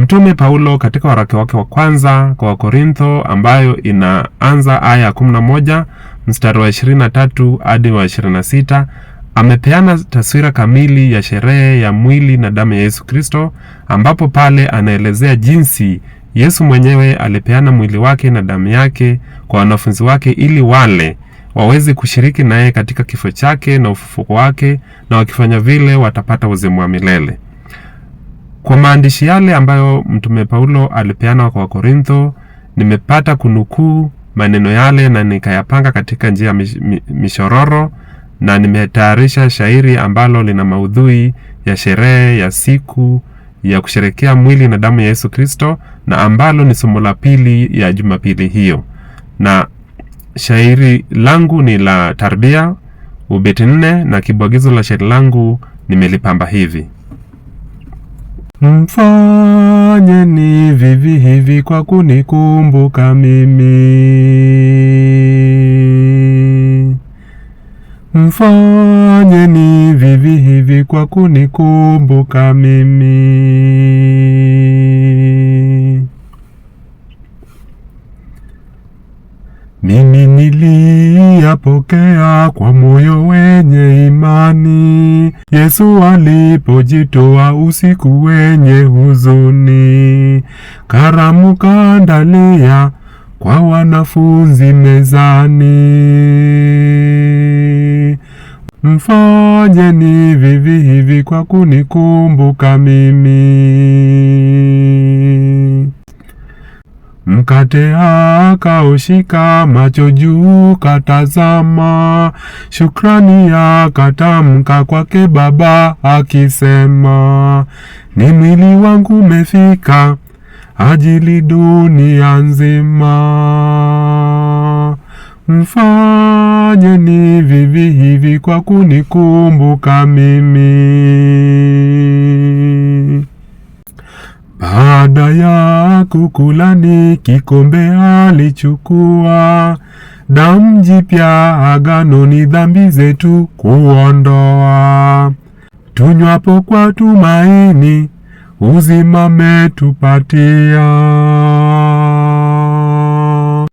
Mtume Paulo katika waraka wake wa kwanza kwa Wakorintho ambayo inaanza aya ya 11 mstari wa 23 hadi wa 26 amepeana taswira kamili ya sherehe ya mwili na damu ya Yesu Kristo, ambapo pale anaelezea jinsi Yesu mwenyewe alipeana mwili wake na damu yake kwa wanafunzi wake ili wale waweze kushiriki naye katika kifo chake na ufufuko wake, na wakifanya vile watapata uzima wa milele. Kwa maandishi yale ambayo Mtume Paulo alipeana kwa korintho nimepata kunukuu maneno yale na nikayapanga katika njia mishororo, na nimetayarisha shairi ambalo lina maudhui ya sherehe ya siku ya kusherekea mwili na damu ya Yesu Kristo, na ambalo ni somo la pili ya Jumapili hiyo, na shairi langu ni la tarbia, ubeti nne, na kibwagizo la shairi langu nimelipamba hivi Mfanyeni vivi hivi kwa kunikumbuka mimi. Mfanyeni vivi hivi kwa kunikumbuka mimi. Mimi nili yapokea kwa moyo wenye imani, Yesu alipojitoa usiku wenye huzuni. Karamu kaandalia kwa wanafunzi mezani. Mfanyeni vivi hivi kwa kunikumbuka mimi. mkate akaushika, macho juu katazama, shukrani akatamka kwake Baba akisema, ni mwili wangu umefika ajili dunia nzima. mfanye ni vivi hivi kwa kunikumbuka mimi. Baada ya kukula ni kikombe alichukua, damu jipya agano ni dhambi zetu kuondoa. Tunywapo kwa tumaini, uzima metupatia.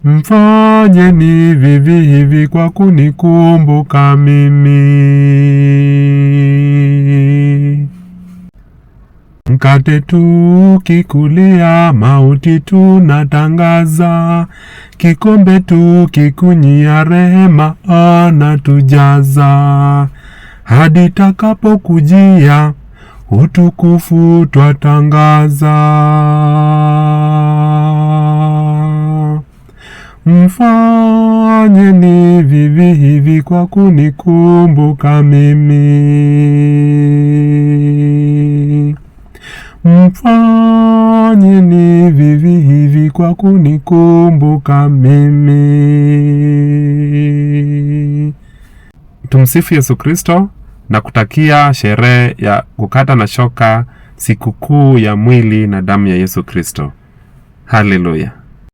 Mfanyeni vivi hivi kwa kunikumbuka mimi. tu tukikulia mauti tunatangaza, kikombe tu kikunyia, rehema anatujaza. Hadi takapokujia utukufu twatangaza. Mfanyeni vivi hivi kwa kunikumbuka mimi mfanye ni vivi hivi kwa kunikumbuka mimi. Tumsifu Yesu Kristo na kutakia sherehe ya kukata na shoka, sikukuu ya mwili na damu ya Yesu Kristo. Haleluya!